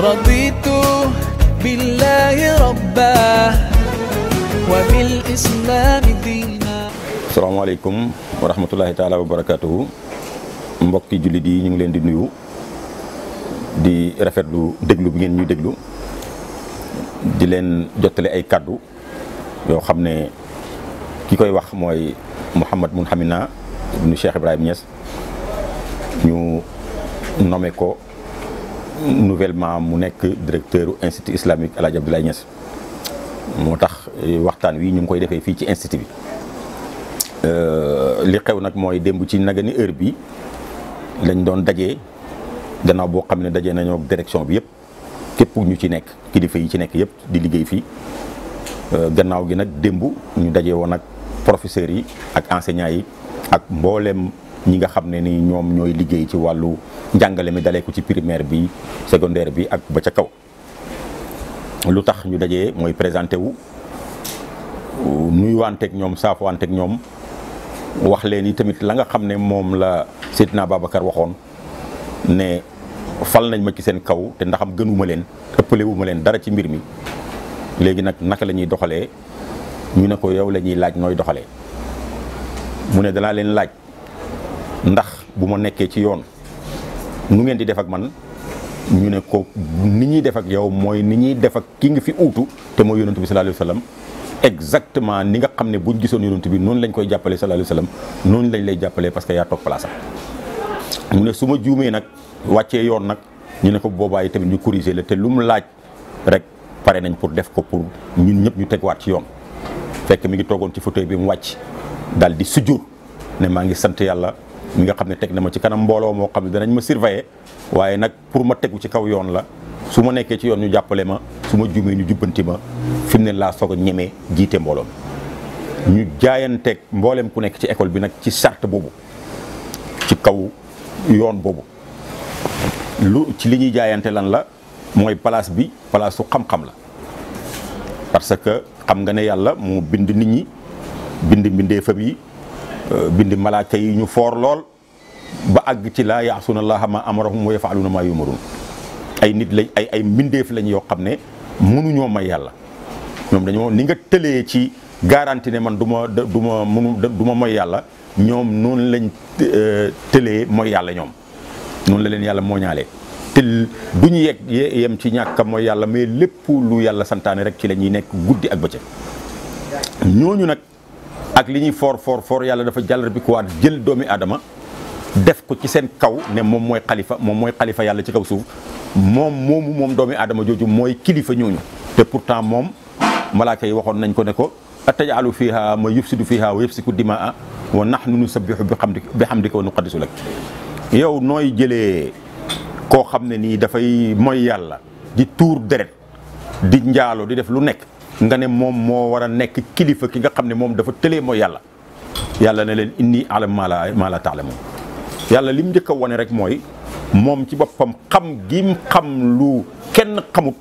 رضيت بالله ربا وبالإسلام دينا السلام عليكم ورحمة الله تعالى وبركاته julit yi ñu ngi leen di nuyu di rafetlu déglu bi ngeen ñu déglu di leen jottali ay kàddu yoo xam ne ki koy wax mooy ibnu Cheikh Ibrahim ko nouvellement mu nekk directeur institut islamique El Hadj Abdoulaye Niass moo tax eh, waxtaan wi ñu ngi koy defee fii ci institut bi euh, li xew nag mooy démb ci nagani heure bi lañ doon dajee gannaaw boo xam ne dajee nañoo direction bi yëpp képp ñu ci nekk kilifa yi ci nekk yëpp di liggéey fii euh, gannaaw gi nag démb ñu dajee woon ak professeurs yi ak enseignants yi ak mboolem ñi nga xam ne ni ñoom ñooy liggéey ci wàllu jàngale mi dalee ko ci primaire bi secondaire bi ak ba ca kaw lu tax ñu dajee mooy présenté wu nuyuwanteeg ñoom saafuwanteeg ñoom wax leen ni tamit la nga xam ne moom la naa Babacar waxoon ne fal nañ ma ci seen kaw te ndaxam gënuma leen ëppale ma leen dara ci mbir mi léegi nag naka lañuy doxalee ñu ne ko yow lañuy laaj nooy doxalee mu ne danaa leen laaj ndax bu ma nekkee ci yoon. nu ngeen di def ak man ñu ne ko ni ñuy def ak yow mooy ni ñuy def ak ki nga fi uutu te mooy yonent bi sallallahu alayhi wa sallam exactement ni nga xam ne buñ gisoon yonent bi noonu lañ koy jàppale sallallahu alayhi wa sallam noonu lañ lay jàppalee parce que yaa toog place mu ne su ma juumee nag wàccee yoon nag ñu ne ko boobaay tamit ñu corriger la te lu mu laaj rek pare nañ pour def ko pour ñun ñëpp ñu tegwaat ci yoon fekk mi ngi toogoon ci fauteuil bi mu wàcc daal di sujur ne maa ngi sant yàlla mi nga xam ne teg na ma ci kanam mbooloo moo xam ne danañ ma surveiller waaye nag pour ma tegu ci kaw yoon la su ma nekkee ci yoon ñu jàppale ma su ma jumee ñu jubbanti ma fi mu ne laa soog a ñemee jiite mbooloo ñu jaayanteeg mbooleem ku nekk ci école bi nag ci charte boobu ci kaw yoon boobu lu ci li ñuy jaayante lan la mooy place bi place su xam-xam la parce que xam nga ne yàlla mu bind nit ñi bind mbindeefam yi Euh, bindi malaaka yi ñu foor lool ba àgg ci laa yaasuna allaha ma amarahum wa yafaluna ma yumarun ay nit lañ ay ay mbindeef lañ yoo xam ne mënuñoo may yàlla ñoom dañoo ni tëlee ci garanti ne man du ma du ma mënu du ma mooy yàlla ñoom noonu lañ euh, tële mooy yàlla ñoom noonu la leen yàlla mooñaale ñaalee te du ñu yegg yem ci ñàkk mooy yàlla mais lépp lu yàlla santaane rek ci la ñuy nekk guddi ak bëccëg ñooñu nag ak li ñuy foor foor foor yàlla dafa jàllar bi jël doomi aadama def ko ci seen kaw ne moom mooy xalifa moom mooy xalifa yàlla ci kaw suuf moom moomu moom doomi aadama jooju mooy kilifa ñooñu te pourtant moom malaaka yi waxoon nañ ko ne ko atajaalu fiha ma yufsidu fiha wa yufsiku dimaa wa nahnu nusabbihu bi hamdika bi hamdika wa nuqaddisu lak yow nooy jëlee koo xam ne nii dafay mooy yàlla di tuur deret di njaalo di def lu nekk nga ne moom moo war a nekk kilifa ki nga xam ne moom dafa tëlee mooy yàlla yàlla ne leen inni alam maa la maa la taalamoon yàlla lim njëkk a wane rek mooy moom ci boppam xam gim xam lu kenn xamut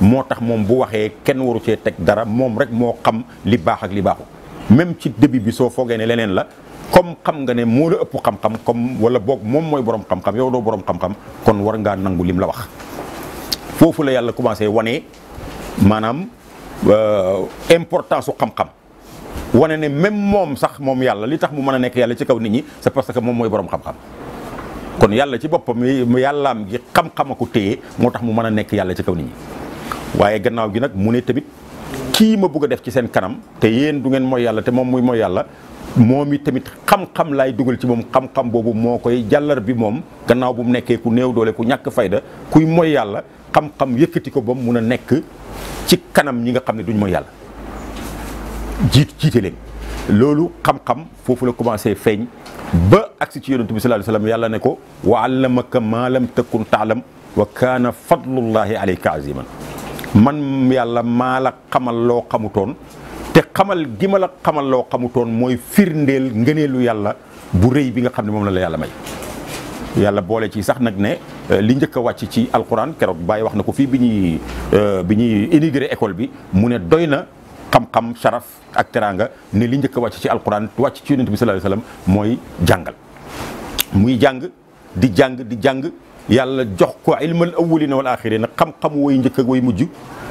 moo tax moom bu waxee kenn waru cee teg dara moom rek moo xam li baax ak li baaxu même ci début bi soo foogee ne leneen la comme xam nga ne moo la ëpp xam-xam comme wala boog moom mooy borom xam-xam yow doo boroom xam-xam kon war ngaa nangu lim la wax yàlla commencé wane Euh, important su xam-xam wane ne même moom sax moom yàlla li tax mu mën a nekk yàlla ci kaw nit ñi c'est parce que moom mooy borom xam-xam kon yàlla ci boppam yàllaam gi xam-xama ko téye moo tax mu mën a nekk yàlla ci kaw nit waaye gannaaw gi nag mu ne tamit kii ma bugg a def ci seen kanam te yéen du ngeen mooy yàlla te moom muy moy yàlla moom it tamit xam-xam laay dugal ci moom xam-xam boobu moo koy jàllar bi moom gannaaw bu mu nekkee ku néew doole ku ñàkk fayda kuy mooy yàlla xam-xam yëkkati ko ba mu mun a nekk ci kanam ñi nga xam ne duñ mooy yàlla jiit jiite leen loolu xam-xam foofu la commencé feeñ ba agsi ci yonent bi sallallahu yàlla ne ko wa allamaka ma lam takun taalam wa kaana fadlullahi alayka aziman man yàlla maa la xamal loo xamutoon te xamal gi la xamal loo xamutoon mooy firndeel ngëneelu yàlla bu rëy bi nga xam ne moom la la yàlla may yàlla boole ci sax nag ne Euh, li njëkk a wàcc ci alquran keroog bàyyi wax na ko fii bi ñuy euh, bi ñuy énigré école bi mu ne doy na xam-xam sharaf ak teraanga ni li njëkk wàcc ci alquran wàcc ci yonent bi sallallahu alayhi wasallam mooy jàngal muy jàng di jàng di jàng yàlla jox ko ilmal awwalina wal axirina xam-xam woy njëkk ak woy mujj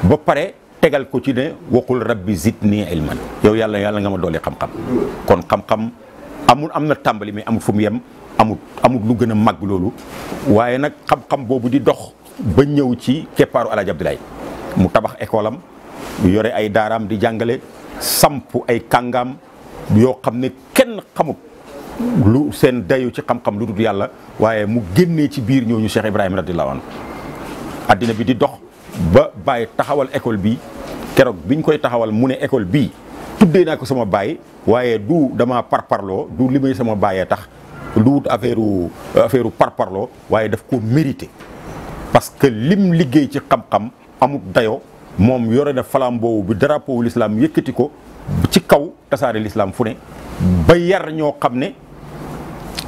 ba pare tegal ko ci ne waqul rabbi zidni ilman yow yàlla yàlla nga ma doole xam-xam kon xam-xam amul am na tàmbali mais amul fu mu yem amut amut lu gën a mag loolu waaye nag xam-xam boobu di dox ba ñëw ci keppaaru El Hadj mu tabax école am yore ay daaraam di jàngale samp ay kàngaam yoo xam ne kenn xamut lu seen dayu ci xam-xam lu dul yàlla waaye mu génnee ci biir ñooñu Cheikh Ibrahima radiyallahu anhu addina bi di dox ba bàyyi taxawal école bi keroog biñ koy taxawal mu ne école bi tuddee naa ko sama baay waaye du dama parparloo du li sama baayee tax lu wut affaire affaire parparloo waye daf ko mérité parce que lim liggéey ci xam-xam amut dayo mom yoré na flambeau bi drapeau l'islam yëkkati ko ci kaw tasaare l'islam fu ba yar ñoo xamné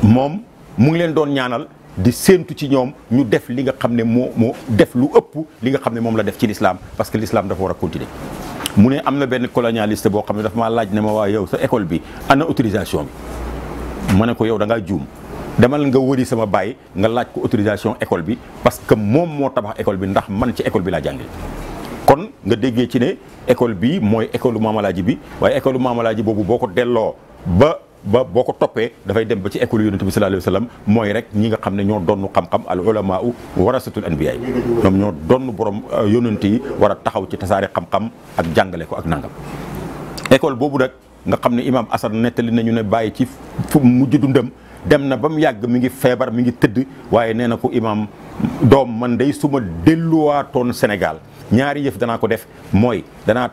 mom mu ngi len doon ñaanal di sentu ci ñom ñu def li nga xamné mo mo def lu ëpp li nga xamné mom la def ci l'islam parce que l'islam dafa wara continuer mu ne am na colonialiste bo xamné ne dafa maa laaj ne ma wa yow sa école bi ana autorisation bi ma ne ko yow da ngaa juum demal nga wëri sama baay nga laaj ko autorisation école bi parce que moom moo tabax école bi ndax man ci école bi laa jàngee. kon nga déggee ci ne école bi mooy école maamalaaji bi waaye école maamalaaji boobu boo ko delloo ba ba boo ko toppee dafay dem ba ci école yonent bi sallallahu alayhi wa mooy rek ñi nga xam ne ñoo donnu xam-xam al ulama u warasatul anbiya ñoom ñoo donn borom euh, yonent yi war a taxaw ci tasaare xam-xam ak jàngale ko ak nangam nga xam ne imaam Assane nettali nañu ne bàyyi ci fu mujj dundam dem na ba mu yàgg mi ngi feebar mi ngi tëdd waaye nee na ko imaam doom man day suma delluwaatoon senegal ñaari yëf danaa ko def mooy danaa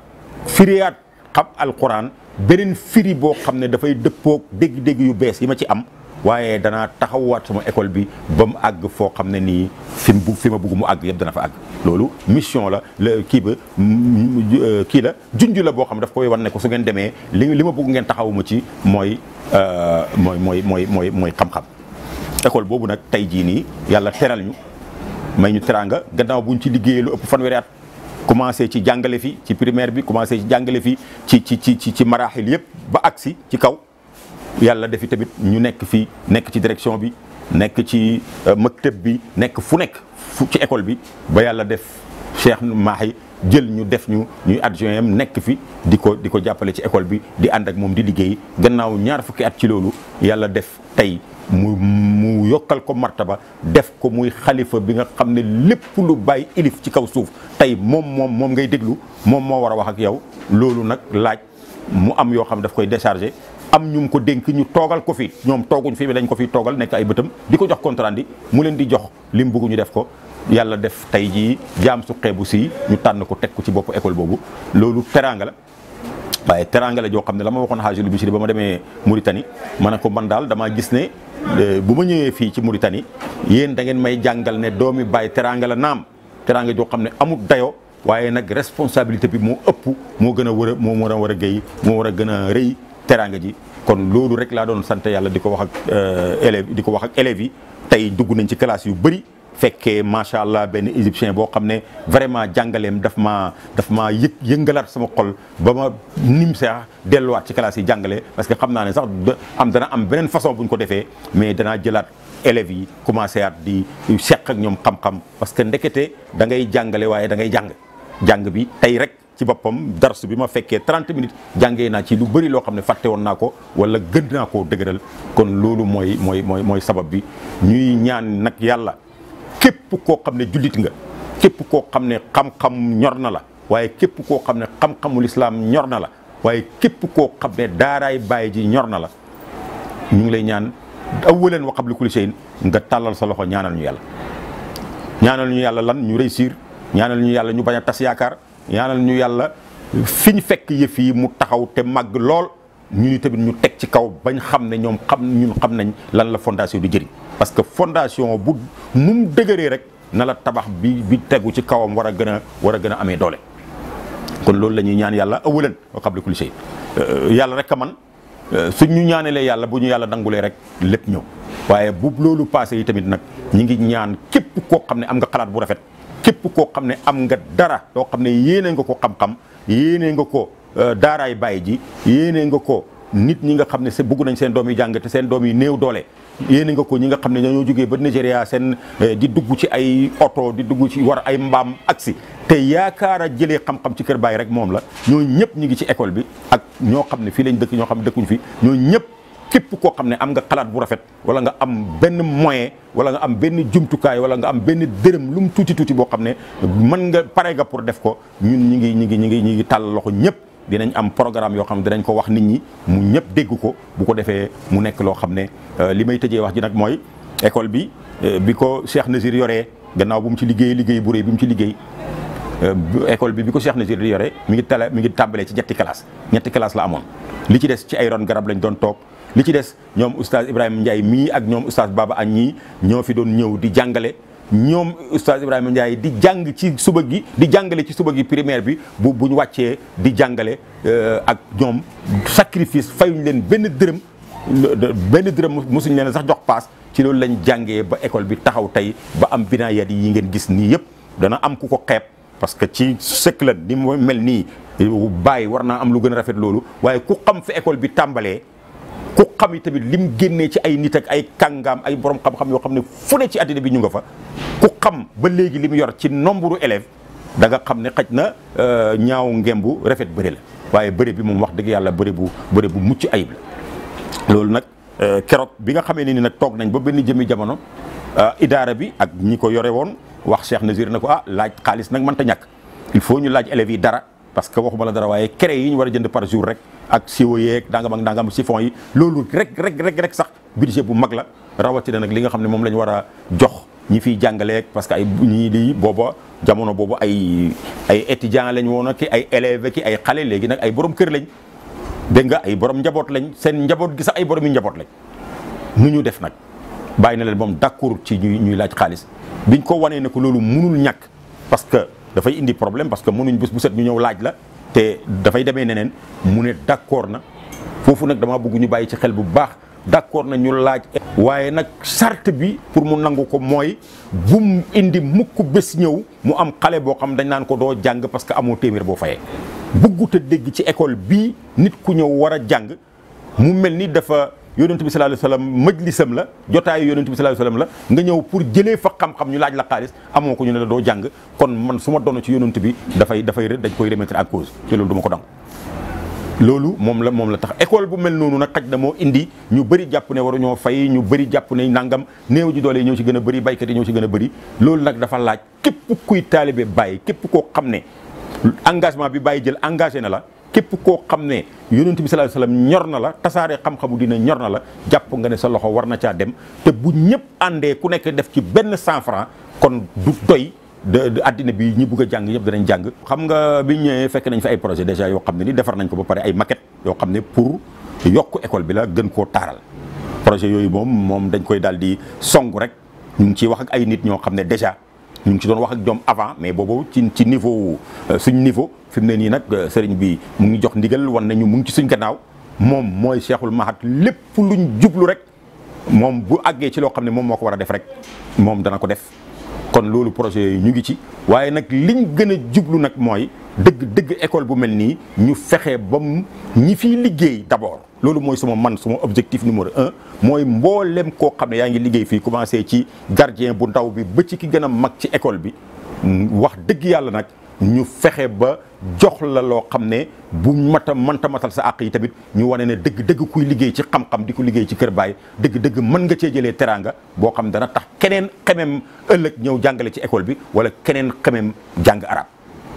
firiyaat xam alquran beneen firi boo xam ne dafay dëppoog dégg-dégg yu bees yi ma ci am waaye danaa waat suma école bi ba mu àgg foo xam ne nii fi mu fi ma bëgg mu àgg yëpp dana fa àgg loolu mission la kii ba kii la junj la boo xam daf koy wan ne ko su ngeen demee li li ma bëgg ngeen taxawuma ci mooy euh, mooy mooy mooy mooy mooy xam-xam école boobu nag tey jii nii yàlla teral ñu may ñu teraanga gannaaw buñ ci liggéeyee lu ëpp fanweeri at commencé ci jàngale fi ci primaire bi commencé ci jàngale fi ci ci ci ci ci maraaxil yëpp ba agsi ci kaw yàlla defi tamit ñu nekk fii nekk ci direction bi nekk ci euh, mëktëb bi nekk fu nekk fu ci école bi ba yàlla def Cheikh yi jël ñu def ñu ñuy adjoint am nekk fi di ko di ko jàppale ci école bi di ànd ak moom di liggéey gannaaw ñaar fukki at ci loolu yàlla def tey mu mu yokkal ko martaba def ko muy xalifa bi nga xam ne lépp lu bàyyi ilif ci kaw suuf tey moom moom moom ngay déglu moom moo war a wax ak yow loolu nag laaj mu am yoo xam daf koy décharger am ñu ko dénk ñu toogal ko fii ñoom tooguñ fii bi dañ ko fi toogal nekk ay bëtam di ko jox contrat mu leen di jox lim mu ñu def ko yàlla def tey jii jaam su bu si ñu tànn ko teg ko ci bopp école boobu loolu teraanga waaye teraanga la joo xam ne la ma waxoon xaajul Bichri ba ma demee Mauritanie ma ne ko man daal damaa gis ne eh, bu ma ñëwee fii ci Mauritanie yéen da ngeen may jàngal ne doomi bàyyi teraanga naam teraanga joo xam ne amut dayoo waaye nag responsabilité bi moo ëpp moo gën a war a moo war a war a géy moo war a gën a rëy teraanga ji kon loolu rek laa doon sant yàlla di ko waxak ak euh, élèves di ko wax ak élèves yi tey dugg nañ ci classe yu bëri fekkee macha allah benn égyptien boo xam ne vraiment jàngaleem dafa ma daf maa yëg yëngalaat sama xol ba ma nim sax delluwaat ci classe yi jàngale parce que xam naa ne sax am dana am beneen façon bu ñu ko defee mais danaa jëlaat élèves yi commencé at di seq ak ñoom xam-xam parce que ndekete da ngay jàngale waaye da ngay jàng jàng bi tey rek. ci bopam darsu bima ma 30 minutes jangé na ci lu beri lo xamné faté won nako wala gënd nako kon lulu moy moy moy moy sabab bi ñuy ñaan nak yalla képp ko xamné ne nga képp ko xamné ne xam-xam ñor na la waaye képp ko xamné ne xam-xamul islam ñor na la waaye képp ko xamné ne daaraay baye ji ñor na la ñu ngi lay ñaan awalan wa qabla kulli shay'in nga talal sa loxo ñaanal ñu yalla ñaanal ñu yalla lan ñu réussir ñaanal ñu yalla ñu baña tass yaakar ñaanal lañu yàlla fi ñu fekk yëf yi mu taxaw te màgg lool ñu ni tamit ñu teg ci kaw bañ xam ne ñoom xam ñun xam nañ lan la fondation di jëriñ parce que fondation bu nu dëgëree rek na la tabax bi bi tegu ci kawam war a gën a war a gën a amee doole kon loolu la ñuy ñaan yàlla awalan wa qabla kulli shay euh, yàlla rek a man euh, suñ ñu ñaanee lee yàlla bu ñu yàlla nangulee rek lépp ñëw waaye bu loolu passé yi tamit nag ñu ngi ñaan képp koo xam ne am nga xalaat bu rafet képp koo xam ne am nga dara loo xam ne yéene nga ko xam-xam yéene nga ko euh, daaraay bàyyi ji yéene nga ko nit ñi nga xam ne sa bëgg nañ seen doom yi jàng seen doom yi néew doole yéene nga ko ñi nga xam ne dañoo jógee ba Nigéria seen euh, di dugg ci ay oto di dugg ci war ay mbaam aksi te yaakaar a jëlee xam-xam ci kër baay rek moom la ñoo ñëpp ñi ngi ci école bi ak ñoo xam ne fii lañ dëkk ñoo xam ne dëkkuñ fi ñoo ñëpp képp koo xam ne am nga xalaat bu rafet wala nga am benn moyen wala nga am benn jumtukaay wala nga am benn dërëm lu tuuti tuuti boo xam ne mën nga pare nga pour def ko ñun ñi ngi ñi ngi ñi ngi ñi ngi tàll loxo ñëpp dinañ am programme yoo xam ne dinañ ko wax nit ñi mu ñëpp dégg ko bu ko defee mu nekk loo xam ne euh, li may tëjee wax ji nag mooy école bi euh, bi ko Cheikh Nazir yoree gannaaw bu mu ci liggéey liggéey bu rëy bi mu ci liggéey euh, école bi bi ko Cheikh Nazir di yore mu ngi tala mi ngi tàmbalee ci ñetti classe ñetti classe la amoon li ci des ci ay ron garab lañ doon toog li ci des ñoom oustaz Ibrahima Ndiaye mii ak ñoom oustaz Baba ak ñii ñoo fi doon ñëw di jàngale ñoom oustaz Ibrahima Ndiaye di jàng ci suba gi di jàngale ci suba gi primaire bi bu buñ wàccee di jàngale euh, ak ñoom sacrifice fayuñ leen benn dërëm benn dërëm mosuñ leen sax jox paas ci loolu lañ jàngee ba école bi taxaw tey ba am binaayat yi ngeen gis nii yëpp dana am ku ko xeeb parce que ci sëkkalan ni mu mel nii bàyyi war naa am lu gën a rafet loolu waaye ku xam fi école bi tàmbalee ku xam yi tamit lim génnee ci ay nit ak ay kàngaam ay boroom xam-xam yoo xam ne fu ne ci àddina bi ñu nga fa ku xam ba léegi li mu yor ci nombre élève da nga xam ne xaj na euh, ñaaw ngemb rafet bëri la waaye bëri bi moom wax dëgg yàlla bëri bu bëri bu mucc ayib la loolu nag euh, keroog bi nga xamee ne ni nag toog nañ ba benn jëmi jamono euh, idaara bi ak ñi ko yore woon wax Cheikh Nazir na ko ah laaj xaalis nag mënta ñàkk il faut ñu laaj élèves yi dara parce que waxuma la dara waaye cré yi ñu war a jënd par jour rek ak siwo yek dangam ak dangam si fonds yi loolu rek rek rek rek sax budget bu mag la rawati nak li nga xamne mom lañ wara jox ñi fiy jàngaleeg parce que ay ñi di jamono bobo ay ay étudiant lañ woon ki ay élève ki ay xalé léegi nak ay borom kër lañ de nga ay borom njabot lañ sen njabot gi sax ay borom yu lañ nu ñu def nak bayina na leen moom d'accord ci ñuy ñuy laaj xaliss biñ ko wone nak ko mënul ñak parce que fay indi problème parce que mënuñ bus bu set ñu ñew laaj la te dafay demee neneen mu ne d'accord na foofu nag dama bëgg ñu bàyyi ci xel bu baax d'accord na ñu laaj waaye nag charte bi pour mu nangu ko mooy bum indi mukk bés ñëw mu am xale boo xam dañ naan ko doo jàng parce que amoo téeméer boo fayee bëggut a dégg ci école bii nit ku ñëw war a jàng mu mel ni dafa yonent bi sallallahu alayhi wasallam majlisam la jotaayu yonent bi sallallahu alayhi wasallam la nga ñëw pour jëlee fa xam-xam ñu laaj la xaalis amoo ko ñu ne la doo jàng kon man suma ma doon ci yonent bi dafay dafay dañ koy remettre en cause te du ma ko dang loolu moom la moom la tax école bu mel noonu nag xaj na moo indi ñu bëri jàpp ne waruñoo fay ñu bëri jàpp ne nangam néew ji doole yi ñoo ci gën a bari baykat yi ñoo ci gën a bari loolu nag dafa laaj képp kuy taalibe bàyyi képp koo xam ne engagement bi bàyyi jël engagé na la képp koo xam ne yonent bi sallallahu alayhi wasallam ñor na la tasaare xam-xamu dina ñor na la jàpp nga ne sa loxo war na caa dem te bu ñëpp àndee ku nekk def ci benn cent franc kon du doy de adina bi ñi bëgg a jàng ñëpp danañ jàng. xam nga bi ñëwee fekk nañ fa ay projet déjà yoo xam ne ni defar nañ ko ba pare ay maquette yoo xam ne pour yokk école bi la gën koo taaral projet yooyu moom moom dañ koy daldi di song rek ñu ngi ciy wax ak ay nit ñoo xam ne déjà. ñu ngi ci doon wax ak ñoom avant mais boobu ci ci niveau euh, suñ niveau fi mu ne nii nag euh, sëriñ bi mu ngi jox ndigal wan nañu mu ngi ci suñ gannaaw moom mooy seexul Mahad lépp luñ jublu rek moom bu àggee ci loo xam ne moom moo ko war a def rek moom dana ko def. kon loolu projet yi ñu ngi ci waaye nag liñ gën a jublu nag mooy dëgg dëgg école bu mel nii ñu fexe ba mu ñi fiy liggéey d'abord. loolu mooy suma man suma objectif numéro un mooy mboolem koo xam ne yaa ngi liggéey fii commencé ci gargien bu ndaw bi ba ci ki gën mag ci école bi wax dëgg yàlla nag ñu fexe ba jox la loo xam ne bu mata mënta matal sa àq yi tamit ñu wane ne dëgg dëgg kuy liggéey ci xam-xam di ko liggéey ci kër baay dëgg dëgg mën nga cee jëlee teraanga boo xam dana tax keneen xemem ëllëg ñëw jàngale ci école bi wala keneen xemem jàng arab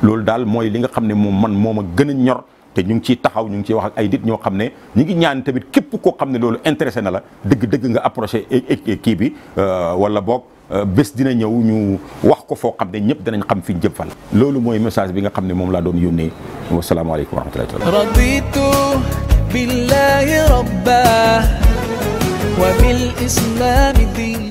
loolu daal mooy li nga xam ne moom man moo ma gën a ñor te ñu ngi ciy taxaw ñu ngi ciy wax ak ay dit ñoo xam ne ñu ngi ñaan tamit képp koo xam ne loolu intéressé na la dëgg-dëgg nga approché e, e, e, kii bi euh, wala boog euh, bés dina ñëw ñu wax ko foo xam ne ñëpp danañ xam fi ñu jëm loolu mooy message bi nga xam ne moom laa doon yónnee wasalaamaaleykum wa rahmatullahi taala raditu billahi rabba wa bil din